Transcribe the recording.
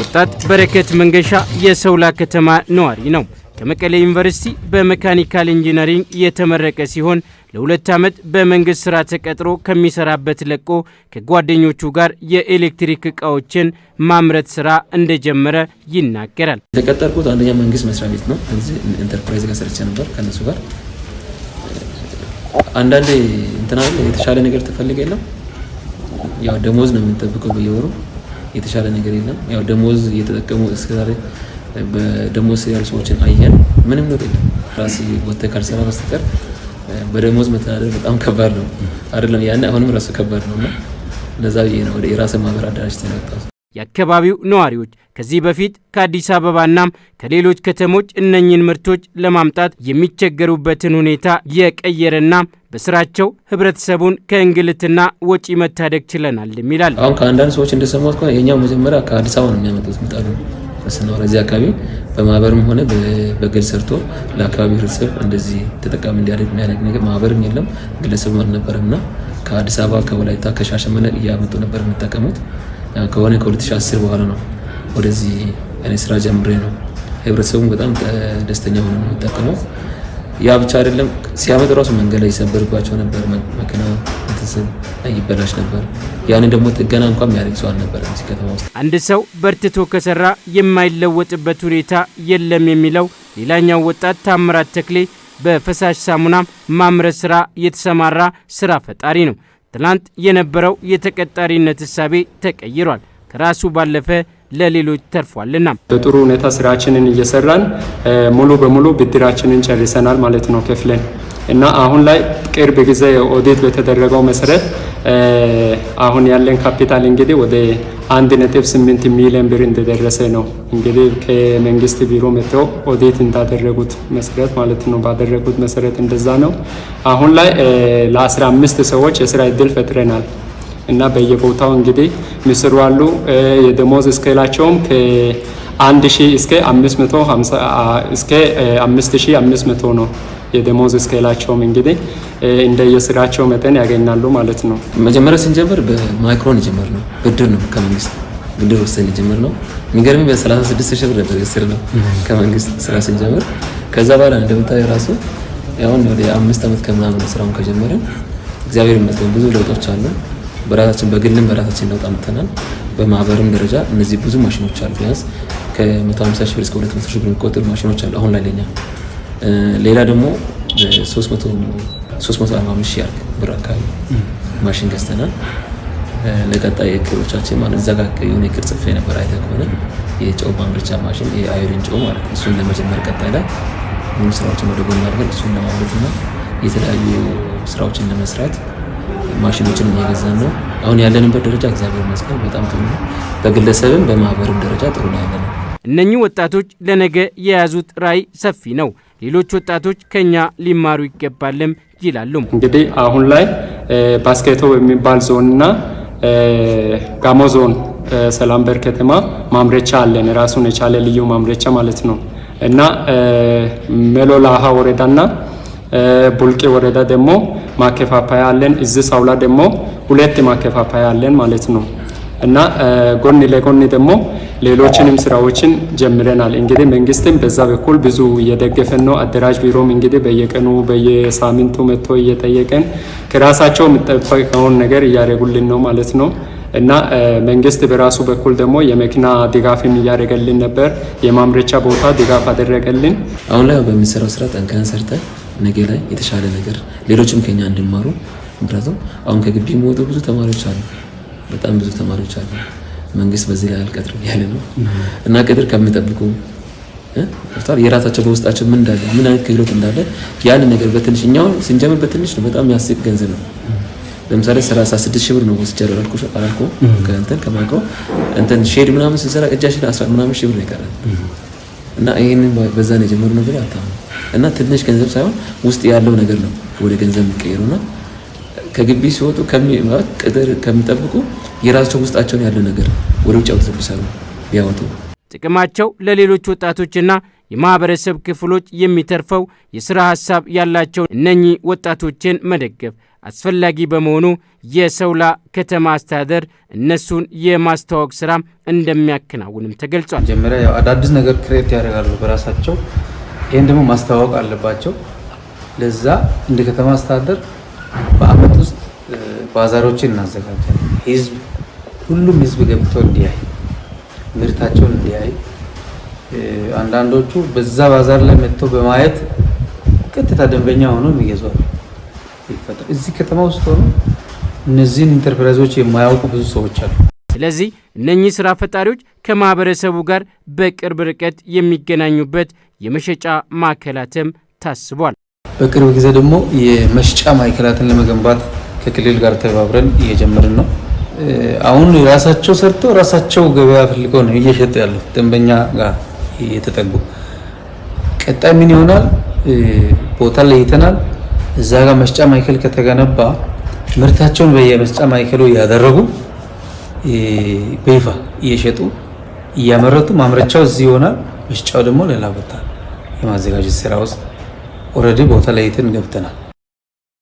ወጣት በረከት መንገሻ የሰውላ ከተማ ነዋሪ ነው። ከመቀሌ ዩኒቨርሲቲ በመካኒካል ኢንጂነሪንግ የተመረቀ ሲሆን ለሁለት ዓመት በመንግሥት ሥራ ተቀጥሮ ከሚሠራበት ለቆ ከጓደኞቹ ጋር የኤሌክትሪክ ዕቃዎችን ማምረት ሥራ እንደጀመረ ይናገራል። የተቀጠርኩት አንደኛ መንግሥት መስሪያ ቤት ነው። እዚህ ኢንተርፕራይዝ ጋር ሰርቼ ነበር ከነሱ ጋር አንዳንዴ እንትና የተሻለ ነገር ተፈልገ የለም ያው ደሞዝ ነው የምንጠብቀው በየወሩ የተሻለ ነገር የለም። ያው ደሞዝ እየተጠቀሙ እስከዛሬ በደሞዝ ያሉ ሰዎችን አየን። ምንም ለውጥ የለም። ራስ ወጥተህ ካልሰራ በስተቀር በደሞዝ መተዳደር በጣም ከባድ ነው አይደለም? ያን አሁንም ራሱ ከባድ ነው እና ብዬ ነው ወደ የራስን ማህበር አደራጅ ተመጣ የአካባቢው ነዋሪዎች ከዚህ በፊት ከአዲስ አበባና ከሌሎች ከተሞች እነኝን ምርቶች ለማምጣት የሚቸገሩበትን ሁኔታ የቀየረና በስራቸው ህብረተሰቡን ከእንግልትና ወጪ መታደግ ችለናል የሚላል። አሁን ከአንዳንድ ሰዎች እንደሰማት ከሆነ የኛው መጀመሪያ ከአዲስ አበባ ነው የሚያመጡት ምጣዱ ስናወራ እዚህ አካባቢ በማህበርም ሆነ በግል ሰርቶ ለአካባቢ ህብረተሰብ እንደዚህ ተጠቃሚ እንዲያደግ የሚያደግ ነገር ማህበርም የለም ግለሰብም አልነበረምና ከአዲስ አበባ ከወላይታ ከሻሸመነ እያመጡ ነበር የሚጠቀሙት ከሆነ ከ2010 በኋላ ነው ወደዚህ እኔ ስራ ጀምሬ ነው። ህብረተሰቡም በጣም ደስተኛ ሆነ ነው የሚጠቀመው። ያ ብቻ አይደለም፣ ሲያመጡ ራሱ መንገድ ላይ ይሰበርባቸው ነበር፣ መኪና ይበላሽ ነበር። ያንን ደግሞ ጥገና እንኳን የሚያደርግ ሰው አልነበረም ከተማ ውስጥ። አንድ ሰው በርትቶ ከሰራ የማይለወጥበት ሁኔታ የለም የሚለው ሌላኛው ወጣት ታምራት ተክሌ በፈሳሽ ሳሙና ማምረት ስራ የተሰማራ ስራ ፈጣሪ ነው። ትላንት የነበረው የተቀጣሪነት እሳቤ ተቀይሯል። ከራሱ ባለፈ ለሌሎች ተርፏልና በጥሩ ሁኔታ ስራችንን እየሰራን ሙሉ በሙሉ ብድራችንን ጨርሰናል ማለት ነው ከፍለን እና አሁን ላይ ቅርብ ጊዜ ኦዲት በተደረገው መሰረት አሁን ያለን ካፒታል እንግዲህ ወደ አንድ ነጥብ ስምንት ሚሊዮን ብር እንደደረሰ ነው። እንግዲህ ከመንግስት ቢሮ መጥተው ኦዲት እንዳደረጉት መሰረት ማለት ነው ባደረጉት መሰረት እንደዛ ነው። አሁን ላይ ለ15 ሰዎች የስራ እድል ፈጥረናል እና በየቦታው እንግዲህ ምስሩ አሉ የደሞዝ እስኬላቸውም ከ1 እስከ 550 ነው የደሞዝ ስኬላቸውም እንግዲህ እንደ የስራቸው መጠን ያገኛሉ ማለት ነው። መጀመሪያ ስንጀምር በማይክሮን ጀመር ነው፣ ብድር ነው ከመንግስት ብድር ወሰን ጀመር ነው። የሚገርም በ36 ሺህ ብር ነበር የስር ነው ከመንግስት ስራ ስንጀምር። ከዛ በኋላ እንደምታዩ ራሱ አሁን ወደ አምስት ዓመት ከምናምን ስራውን ከጀመርን እግዚአብሔር ይመስገን ብዙ ለውጦች አሉ። በራሳችን በግልም በራሳችን ለውጥ አምጥተናል። በማህበርም ደረጃ እነዚህ ብዙ ማሽኖች አሉ። ቢያንስ ከ150 ሺህ ብር እስከ 200 ሺህ ብር የሚቆጠሩ ማሽኖች አሉ አሁን ላይ ለኛ ሌላ ደግሞ 345 ሺህ ያህል ብር አካባቢ ማሽን ገዝተናል። ለቀጣይ እቅዶቻችን ማለት እዛ ጋር የሆነ እቅድ ጽፌ ነበር አይተህ ከሆነ የጨው ማምረቻ ማሽን የአዮዲን ጨው ማለት እሱን ለመጀመር ቀጣይ ላይ ሙሉ ስራዎችን ወደ ጎን አድርገን እሱን ለማምረት እና የተለያዩ ስራዎችን ለመስራት ማሽኖችን እየገዛን ነው። አሁን ያለንበት ደረጃ እግዚአብሔር ይመስገን በጣም ጥሩ ነው። በግለሰብም በማህበርም ደረጃ ጥሩ ነው ያለነው። እነኚህ ወጣቶች ለነገ የያዙት ራዕይ ሰፊ ነው። ሌሎች ወጣቶች ከኛ ሊማሩ ይገባልም ይላሉ። እንግዲህ አሁን ላይ ባስኬቶ የሚባል ዞንና ጋሞ ዞን ሰላምበር ከተማ ማምረቻ አለን፣ ራሱን የቻለ ልዩ ማምረቻ ማለት ነው እና መሎላሃ ወረዳና ቡልቄ ወረዳ ደግሞ ማከፋፈያ አለን። እዚህ ሳውላ ደግሞ ሁለት ማከፋፈያ አለን ማለት ነው። እና ጎን ለጎን ደግሞ ሌሎችንም ስራዎችን ጀምረናል። እንግዲህ መንግስትም በዛ በኩል ብዙ እየደገፈን ነው። አደራጅ ቢሮም እንግዲህ በየቀኑ በየሳምንቱ መጥቶ እየጠየቀን ከራሳቸው የምጠበቀውን ነገር እያደረጉልን ነው ማለት ነው። እና መንግስት በራሱ በኩል ደግሞ የመኪና ድጋፍም እያደረገልን ነበር። የማምረቻ ቦታ ድጋፍ አደረገልን። አሁን ላይ በሚሰራው ስራ ጠንካን ሰርተን ነገ ላይ የተሻለ ነገር ሌሎችም ከኛ እንድማሩ ምክንያቱም አሁን ከግቢ የሚወጡ ብዙ ተማሪዎች አሉ በጣም ብዙ ተማሪዎች አሉ። መንግስት በዚህ ላይ አልቀጥርም ያለ ነው እና ቅጥር ከሚጠብቁ የራሳቸው በውስጣቸው ምን እንዳለ ምን አይነት ክህሎት እንዳለ ያን ነገር በትንሽ እኛውን ስንጀምር በትንሽ ነው። በጣም ያስቅ ገንዘብ ነው። ለምሳሌ 36 ሺህ ብር ነው ወስጃለሁ አልኩ አልኩ ከእንትን ከማቀው እንትን ሼድ ምናምን ስንሰራ እጃችን 10 ምናምን ሺህ ብር ይቀራል እና ይሄንን በዛ ነው የጀመርነው ብለህ አታምነው እና ትንሽ ገንዘብ ሳይሆን ውስጥ ያለው ነገር ነው ወደ ገንዘብ የሚቀየሩና ከግቢ ሲወጡ ቅጥር ከሚጠብቁ የራሳቸው ውስጣቸውን ያለ ነገር ወደ ውጭ አውጥተው ቢሰሩ ቢያወጡ ጥቅማቸው ለሌሎች ወጣቶችና የማህበረሰብ ክፍሎች የሚተርፈው የሥራ ሐሳብ ያላቸው እነኚህ ወጣቶችን መደገፍ አስፈላጊ በመሆኑ የሰውላ ከተማ አስተዳደር እነሱን የማስተዋወቅ ስራ እንደሚያከናውንም ተገልጿል። መጀመሪያ ያው አዳዲስ ነገር ክሬት ያደርጋሉ በራሳቸው ይህን ደግሞ ማስተዋወቅ አለባቸው። ለዛ እንደ ከተማ አስተዳደር ባዛሮችን እናዘጋጃለን። ህዝብ ሁሉም ህዝብ ገብቶ እንዲያይ ምርታቸውን እንዲያይ አንዳንዶቹ በዛ ባዛር ላይ መጥተው በማየት ቀጥታ ደንበኛ ሆኖ የሚገዟል እዚህ ከተማ ውስጥ ሆኖ እነዚህን ኢንተርፕራይዞች የማያውቁ ብዙ ሰዎች አሉ። ስለዚህ እነኚህ ስራ ፈጣሪዎች ከማህበረሰቡ ጋር በቅርብ ርቀት የሚገናኙበት የመሸጫ ማዕከላትም ታስቧል። በቅርብ ጊዜ ደግሞ የመሸጫ ማዕከላትን ለመገንባት ከክልል ጋር ተባብረን እየጀመርን ነው። አሁን ራሳቸው ሰርተው ራሳቸው ገበያ ፈልገው ነው እየሸጡ ያሉ ደንበኛ ጋር እየተጠጉ። ቀጣይ ምን ይሆናል? ቦታ ለይተናል። እዛ ጋር መስጫ ማዕከል ከተገነባ ምርታቸውን በየመስጫ ማዕከሉ እያደረጉ በይፋ እየሸጡ እያመረቱ ማምረቻው እዚህ ይሆናል። መስጫው ደግሞ ሌላ ቦታ የማዘጋጀት ስራ ውስጥ ኦልሬዲ ቦታ ለይተን ገብተናል።